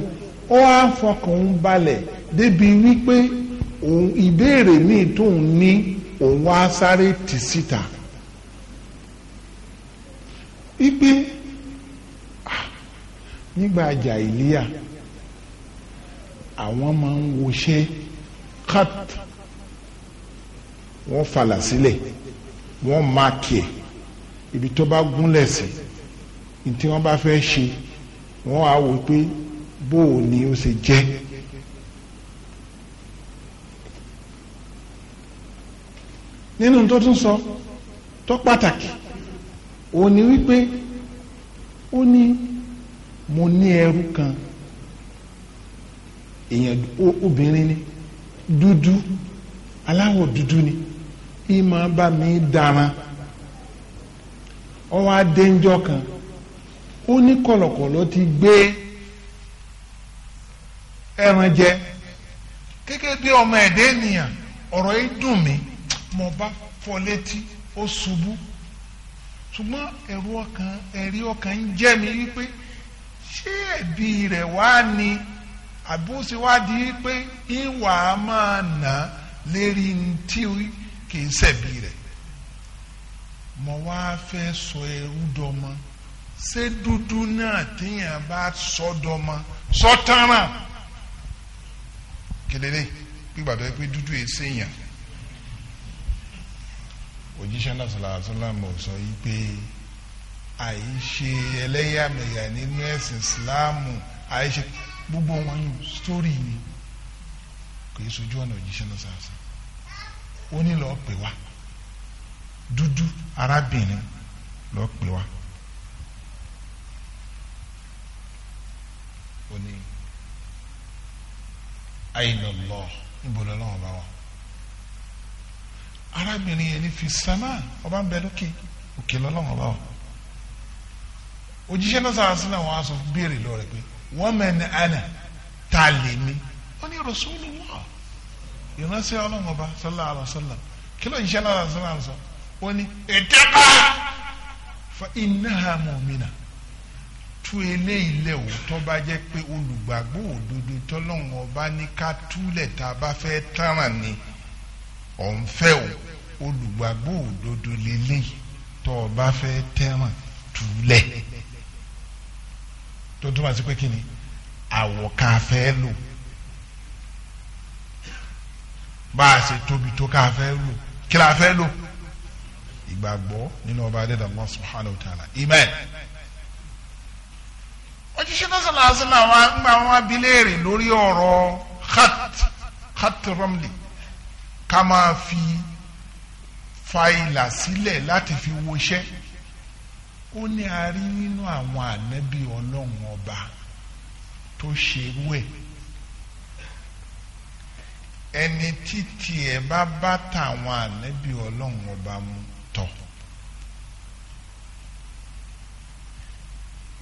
ó wá fọkàn ń balẹ̀ débi wípé ìbéèrè míì tóun ní òun wá sáré tì síta wípé nígbà jàìlíà àwọn máa ń woṣẹ́ kat. kat wọ́n falà sílẹ̀ wọ́n máàkì ẹ̀ ibi tó bá gúnlẹ̀ sí ntí wọ́n bá fẹ́ ṣe wọ́n á wò pé bó o ní o ṣe jẹ́ nínú tó tún sọ tó pàtàkì òun ni wípé ó ní mo ní ẹrú kan èèyàn obìnrin ni dúdú aláwọ̀ dúdú ni. Dudu, ìmọ̀ ba mi daran ọwọ́ adéńjọ́ kan ó ní kọ̀lọ̀kọ̀lọ̀ ti gbé ẹran jẹ kékeré bí ọmọ ẹ̀dẹ́ ènìyàn ọ̀rọ̀ yìí dùn mí mo bá fọ́ létí ó ṣubú ṣùgbọ́n ẹ̀rù ọkàn ẹ̀rí ọkàn ń jẹ́ mi wípé ṣé wá ni àbúṣe wá di wípé kì í ṣẹ̀bi rẹ̀ mo wá fẹ́ sọ ẹrú dọmọ ṣé dúdú náà téèyàn bá sọ dọmọ sọ tánràn kedere gbígbàdọ̀ pé dúdú yìí ṣèyàn òjíṣẹ́ náà sọ̀rọ̀ àtúnlámọ̀ sọ yìí pé àìṣe ẹlẹ́yàmẹ̀yà nínú ẹ̀sìn ìsìláàmù àìṣe gbogbo wọn yìí sítórì ni kò yẹ sojú ọ̀nà òjíṣẹ́ náà sọ̀rọ̀ ó ní lọ́ọ́ pè wá dúdú arábìnrin lọ́ọ́ pè wá. ó ní àìlọ́lọ́ níbo lọ́wọ́ bá wà arábìnrin yẹn ní fi sàmà ọba ń bẹ lókè òkè lọ́wọ́ bá wà òjíṣẹ́ náà sára sí náà wọ́n á sọ béèrè lọ́rẹ̀ pé wọ́n mẹ́ni àná ta lè mi wọ́n ní Rasulullah ìránṣẹ́ ọlọ́run ọba sallallahu alaihi wasallam kí ló ń ṣe lára sọ́lá àlọ́sọ́ ó ní ìtẹ́pá fa innaha mu'mina tú eléyìí lẹ̀ wò tó bá jẹ́ pé olùgbàgbọ́ òdodo tọ́lọ́run ọba ní ká túlẹ̀ tá a bá fẹ́ tàràn ni ọ̀nfẹ́ o olùgbàgbọ́ òdodo lélẹ́yìí tó o bá fẹ́ tẹ́ràn túlẹ̀ tó túmọ̀ sí pé kí ni àwọ̀ kan fẹ́ lò bá a ṣe tóbi tó ká a fẹ́ lò kí la fẹ́ lò ìgbàgbọ́ nínú ọba adéda Allah subhanahu wa ta'ala amen. ojúṣe náà sọ̀rọ̀ àṣẹ náà wá ń gba wọn abiléèrè lórí ọ̀rọ̀ khat khat romli ká máa fi fàìlà sílẹ̀ láti fi woṣẹ́ ó ní a rí nínú àwọn ànábì ọlọ́run ọba tó ṣerú ẹ̀ ẹni títí ẹ bá bá tàwọn ànábì ọlọ́run ọba mu tọ̀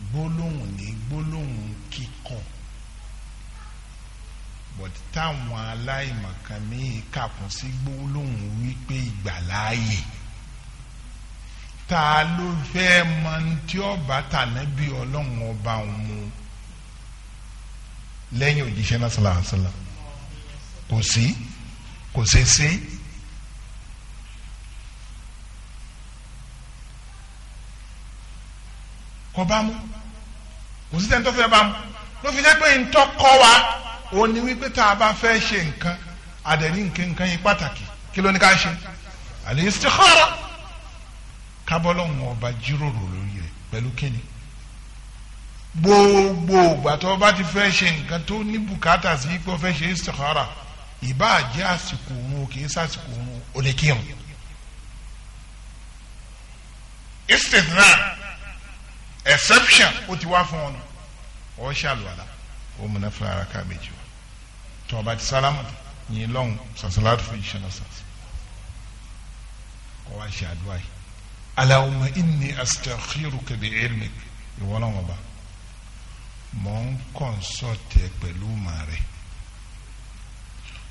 gbólóhùn ní gbólóhùn kíkọ̀ but táwọn aláìmọ̀kan míì kàkún sí gbólóhùn wípé ìgbàláàyè ta ló fẹ́ mọ tí ọba tànábì ọlọ́run ọba mu lẹ́yìn òjíṣẹ́ náà sọ̀rọ̀ àṣọ̀rọ̀ kò sí kò ṣeé ṣe. kò bá mu kò sí sẹ́ni tó fẹ́ bá mu ló fi jẹ́ pé ntọ́ kọ́ wa òun ni wípé tá a bá fẹ́ ṣe nǹkan àdẹ̀rí nǹkan nǹkan yìí pàtàkì kí ló ní ká ṣe àlè istikhara kábọ́lọ́hún ọba jíròrò lórí rẹ̀ pẹ̀lú kíni gbogbo ìgbà bá ti fẹ́ ṣe nǹkan tó ní bùkátà sí pé o fẹ́ ṣe istikhara ìbáà jẹ́ àsìkò òun o kì í sàsìkò òun o lè kírun istithna exception ó ti wá fún ọ nù ọ o ó múná fún ara ká méjì wá tó ọba ti sálámù yín lọ́hùn sàṣàlátù fún iṣẹ́ náà sàṣà kọ́ wá ṣe àdúrà yìí Allahumma inni astakhiruka bi ilmik ìwọ́n náà wọ́n bá mọ̀ ń kọ́ńsọ̀tẹ̀ pẹ̀lú màá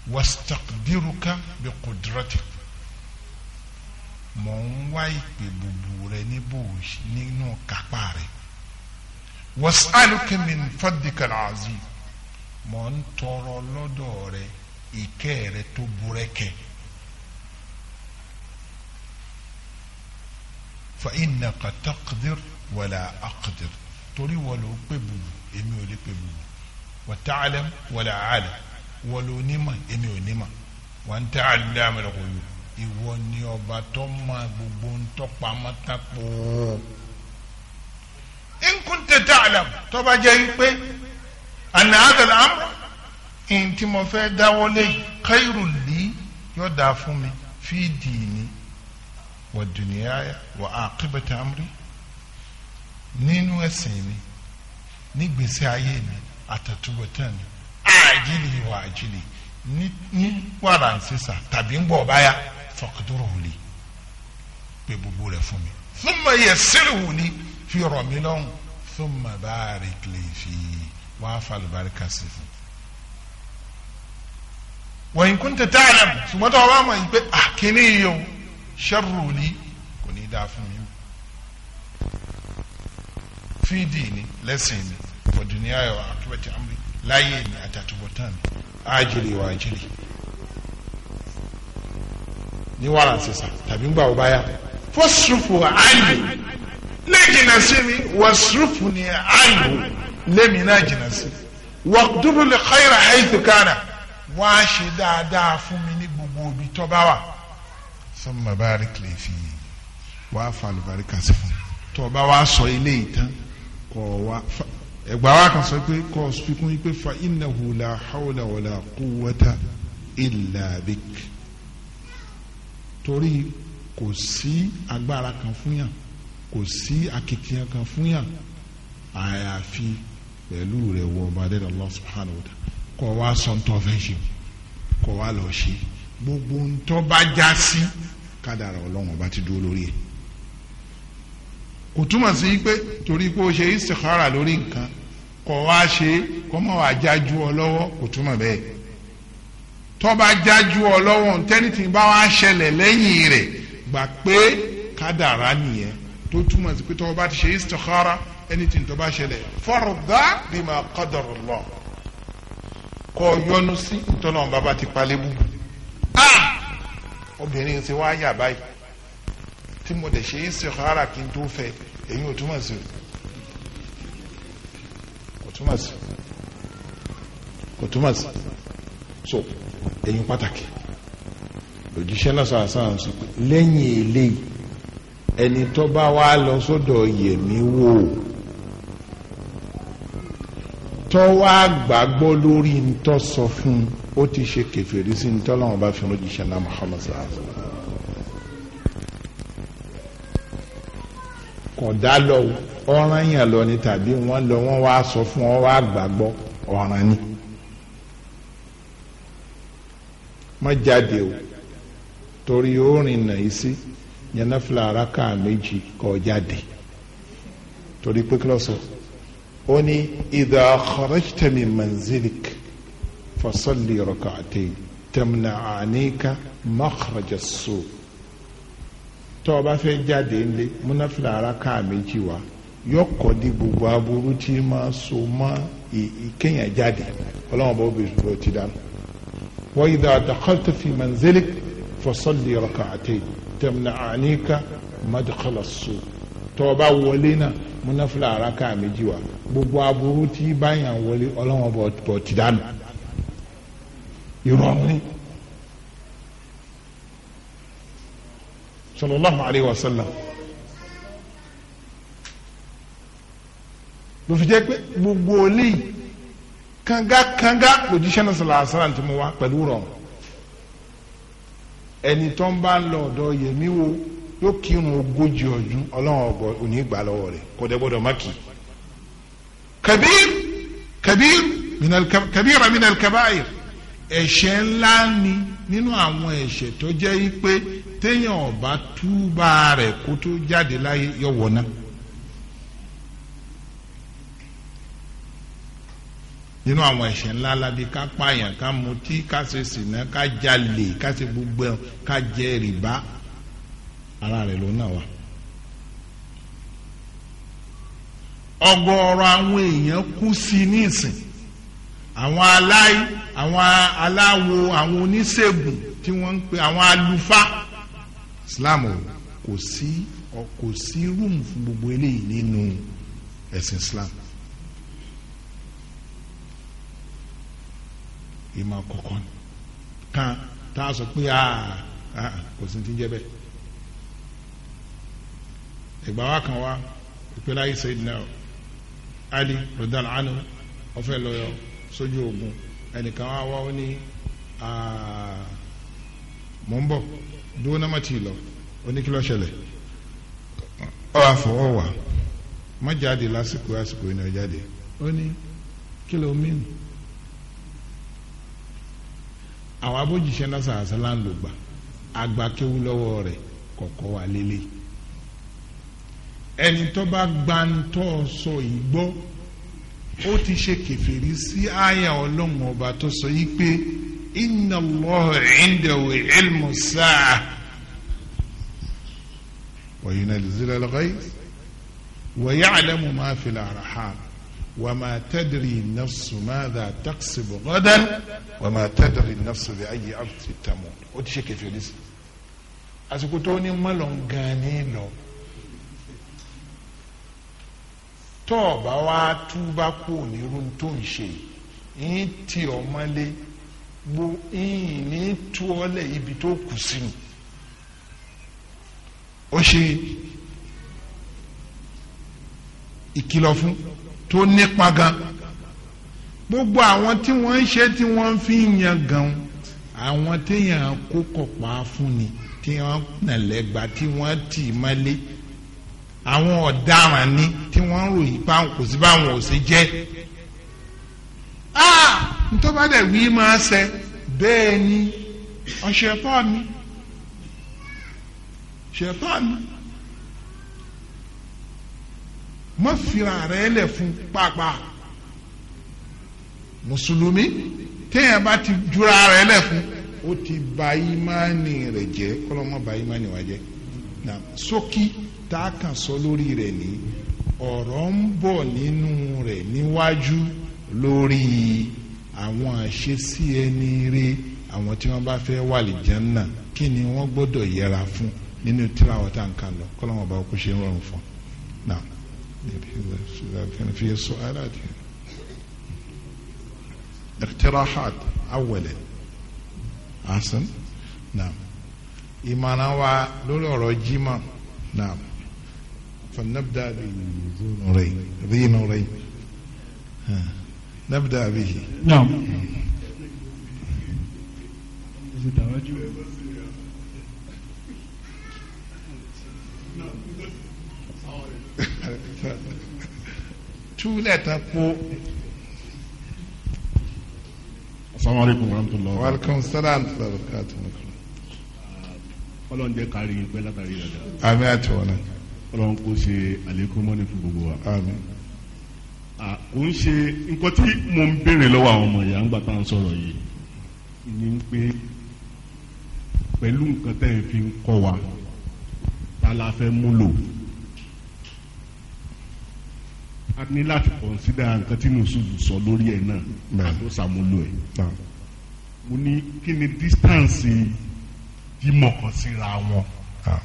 واستقدرك بقدرتك mọ̀ ń wá ìpè bùbù rẹ nínú kápá rẹ wasaluke min fadika azim mọ̀ ń tọrọ lọ́dọ̀ rẹ ìkẹ́ rẹ tó burẹ́kẹ́ fa innaka taqdir wala aqdir torí wọ́n ló pè bùbù èmi ò lè pè bùbù wa ta'lam wala alam. wọ́n ló nímọ̀ èmi ò nímọ̀ wọ́n tẹ́ àlùdá àmàlẹ́kọ̀ọ́ yìí ìwọ ni ọba tó mọ gbogbo ntọ́pamọ́ta pọ̀ nkún tètè àlàm tó bá jẹ́ pé àná àgàlà àmọ́ ìyìn tí mo fẹ́ dáwọ́lé káyìrò lì yóò dáa fún mi fi dìní wà dùnìyàyà wà àkíbẹ̀tẹ̀ àmúrí nínú ẹ̀sìn mi nígbèsè ayé mi àtàtúbọ̀tán mi àjílì wà àjílì ní wàrà sísà tàbí ń bọ̀ báyà fọkàdúró wuli pé gbogbo rẹ̀ fún mi thumma yassiru wuli fi rọ̀ mí lọ́hùn thumma barik li fi wàá fa àlùbáríkà sí fún. wa in kunta ta'lam ṣùgbọ́n tó o bá mọ̀ yìí pé àkíní yìí o sharru li kò ní í dáa mi fi dìní lẹ́sìn mi for dunya wa akibati amri láyé mi àtàtúbọ̀tán mi ájìlì wà ájìlì ní wàrà sísà tàbí ń gbà ó báyà fọ́sùrùfù àìbò lẹ́jìnà sí mi wọ́sùrùfù ni àìbò lẹ́mi náà jìnà sí wọ́dúró lè khayra haythu kana wọ́n á ṣe dáadáa fún mi ní gbogbo ibi tó bá wà sọ́mọ́ barik fi wọ́n á fa àlùbáríkà sí fún mi tó bá sọ ilé ìtàn kọ̀ wá ẹgbàá wa kan sọ pé kọ́ ọ fi kún yí pé fa innahu la hawla wala quwwata illa bik torí kò sí agbára kan fún yàn kò sí akitiyan kan fún yàn àyàfi pẹ̀lú rẹ̀ wọ ọba Allah subhanahu wa ta'ala kọ́ wa sọ ń tọ́ kọ́ wa lọ ṣe gbogbo ń bá já sí kádàrà ọlọ́run ọba ti dúró lórí ẹ̀ kò túmọ̀ sí pé torí pé o ṣe istikhara lórí nǹkan kọ̀ wá ṣe kọ́ mọ̀ wá jájú ọ lọ́wọ́ kò túmọ̀ bẹ́ẹ̀ tọ́ba jájú ọ lọ́wọ́ ntẹ́nìtì bá wá ṣẹlẹ̀ lẹ́yìn rẹ̀ gbà pé kádàrá nìyẹn tó túmọ̀ sí pé tọ́ba bá ti ṣe istikhara anything tó bá ṣẹlẹ̀ fọ́rọ̀dá bima qadarullah kọ́ yọnu sí tọ́nà bàbá ti palẹ́bù obìnrin ṣe wá yà báyìí tí mo dẹ̀ ṣe istikhara kí n tó fẹ́ èyí ò túmọ̀ sí o túmọ̀ sí kò túmọ̀ sí so ẹ̀yin pàtàkì òjíṣẹ́ náà sọ àṣàràn sọ pé lẹ́yìn eléyìí ẹni tó bá wá lọ sọ́dọ̀ yẹ̀mí wò tó wá gbàgbọ́ lórí ntọ́ sọ fún ó ti ṣe kẹfẹ́rí sí ntọ́ làwọn bá fi òjíṣẹ́ náà Muhammad sọ àṣàràn. kọ̀dá lọ́wọ́ ọ̀ràn yàn lọ ni tàbí wọ́n lọ wọ́n wá sọ fún ọ wá gbàgbọ́ ọ̀ràn ni má jáde o torí ó rìn nà í sí yanáfìlà araka méjì kọ jáde torí pé kílọ̀ sọ ó ní idha kharajta min manzilik fasalli rak'atayn tamna'anika makhraja as-suq tó o bá fẹ́ jáde ńlẹ̀ múnáfìlà araka méjì wá yọkọ̀ di gbogbo aburú tí máa so mọ́ ìkéyàn jáde ọlọ́wọ́n bá bẹ̀rẹ̀ lọ ti dáná. wa idha dakhalta fi manzilik fasalli rak'atayn tamna'anika madkhala as-suq tó bá wọlé náà múnáfìlà àràkà méjì wá gbogbo aburú tí báyà wọlé ọlọ́wọ́n bọ̀ ti dáná. ìrọ̀rùn ni. sallallahu wa sallam. ló fi jẹ́ pé gbogbo eléyìí kangakanga lòjíṣẹ́ náà sọ̀rọ̀ àṣàrà tí mo wá pẹ̀lú rọ̀ ẹni tó ń bá lọ ọ̀dọ̀ yẹmí wo yóò kírun ogójì ọdún ọlọ́run ọ̀gọ̀ òní ìgbà lọ́wọ́ rẹ̀ kò dẹ́ gbọ́dọ̀ má kì í. kabir kabir kabira minal kabair ẹ̀ṣẹ̀ ńlá ni nínú àwọn ẹ̀ṣẹ̀ tó jẹ́ yí pé téèyàn ò túbà rẹ̀ kó tó jáde láyé yọ̀wọ̀ náà. nínú àwọn ẹ̀ṣẹ̀ ńlá labi ká pààyàn ká mutí ká ṣe sìnà ká jalè ká ṣe gbogbo ẹ̀ ká jẹ rìbá ara rẹ̀ ló náà wà. ọ̀gọ̀ọ̀rọ̀ àwọn èèyàn kú sí i nísìn àwọn aláì àwọn aláwo àwọn oníṣègùn tí wọ́n ń pe àwọn alufa Islam kò sí kò sí rúùmù fún gbogbo eléyìí nínú ẹ̀sìn Islam. ìmọ̀ kọ̀ọ̀kan kan tá a sọ pé ah, ah, kò sí ti jẹ́ bẹ́ẹ̀. ìgbà wa kan wa ìpínlẹ̀ ayé Sayyidina Ali rodan anu ọ̀fẹ́ lọ́yọ̀ sójú ogun ẹnìkan wa wá ó ní ah, mọ̀ ń bọ̀ dúró náà má ti lọ oníkìlọ̀ ṣẹlẹ̀ ọ̀ àfọwọ́ wà má jáde lásìkò àsìkò ìnáwó jáde ó ní kí ló àwọn abójìṣẹ́ náà sàásálà ń lò gbà agbakéwu lọ́wọ́ rẹ̀ kọ̀kọ́ wa lélẹ̀ ẹni tó bá gbantọ́ sọ ìgbọ́ ó ti ṣe kẹfìrí sí àyà ọlọ́run ọba tó sọ yí pé inna Allaha indahu ilmu sa'a wa yunazzilu al-ghayth wa ya'lamu ma fil arham. وما تدري نفس ماذا تكسب غدا وما تدري نفس بأي أرض تموت ó ti ṣe kèfèrí sí àsìkò tó ní mọ́lọ̀ ń gan ní lọ tó o bá wá túbá kú onírú tó ń ṣe yìí tí ọ mọ́lé gbó yìí ní tú ọ lẹ̀ ibi tó kù sínú ó ṣe ìkìlọ̀ fún tó nípa gan gbogbo àwọn tí wọ́n ń ṣe tí wọ́n fi ń yan gan àwọn téèyàn kó kọ̀pá fún ni tí wọ́n nà lẹ́gba tí wọ́n tì í mọ́lé àwọn ọ̀daràn ni tí wọ́n ń ròyìn pa kò sí báwọn ò sí jẹ́ ah ntọ́badẹ̀ wí máa ṣe bẹ́ẹ̀ ni ọ̀ṣẹ̀tọ́ mi ṣẹ̀tọ́ mi. má fira rẹ lẹ fún pàápàá mùsùlùmí téèyàn bá ti jura rẹ lẹ fún ó ti bà ìmánì rẹ jẹ́ kọlọmọ bà ìmánì wa jẹ́ na sókí tá a kàn sọ lórí rẹ ní ọ̀rọ̀ ń bọ̀ nínú rẹ níwájú lórí àwọn àṣesí ẹni rí àwọn tí wọ́n bá fẹ́ wà lè Jánnà kí ni wọ́n gbọ́dọ̀ yẹra fún nínú tíráwọ̀ tá à ń kà lọ kọlọmọ bá kó ṣe ń rọrùn fún un إذا كان فيه سؤالات اقتراحات أولا أحسن نعم إيمانا و جيما نعم فلنبدأ بذي ذي نورين نبدأ به نعم نعم túlẹ̀ tán po. asalaamualeykum wa rahmatulah. wa aleykum salaam wa rahmatulah. ọlọ́run jẹ́ kárí yín pẹ́ látàrí ìrẹ̀lẹ̀. àmín àti wọnà. ọlọ́run kò ṣe àlékún mọ́ni fún gbogbo wa. àmín. kò ń ṣe nǹkan tí mo ń béèrè lọ́wọ́ àwọn ọmọ ìyá ńgbà tá à ń sọ̀rọ̀ yìí ni pé pẹ̀lú nǹkan tẹ́ ẹ fi ń kọ́ wa ta la fẹ́ múlò a ní láti kọ̀nsídà nǹkan tí nùsùlù sọ lórí ẹ̀ náà tó sàmúlò ẹ̀ mo ní kí ni distance yìí mọ̀kàn síra wọn. Ah.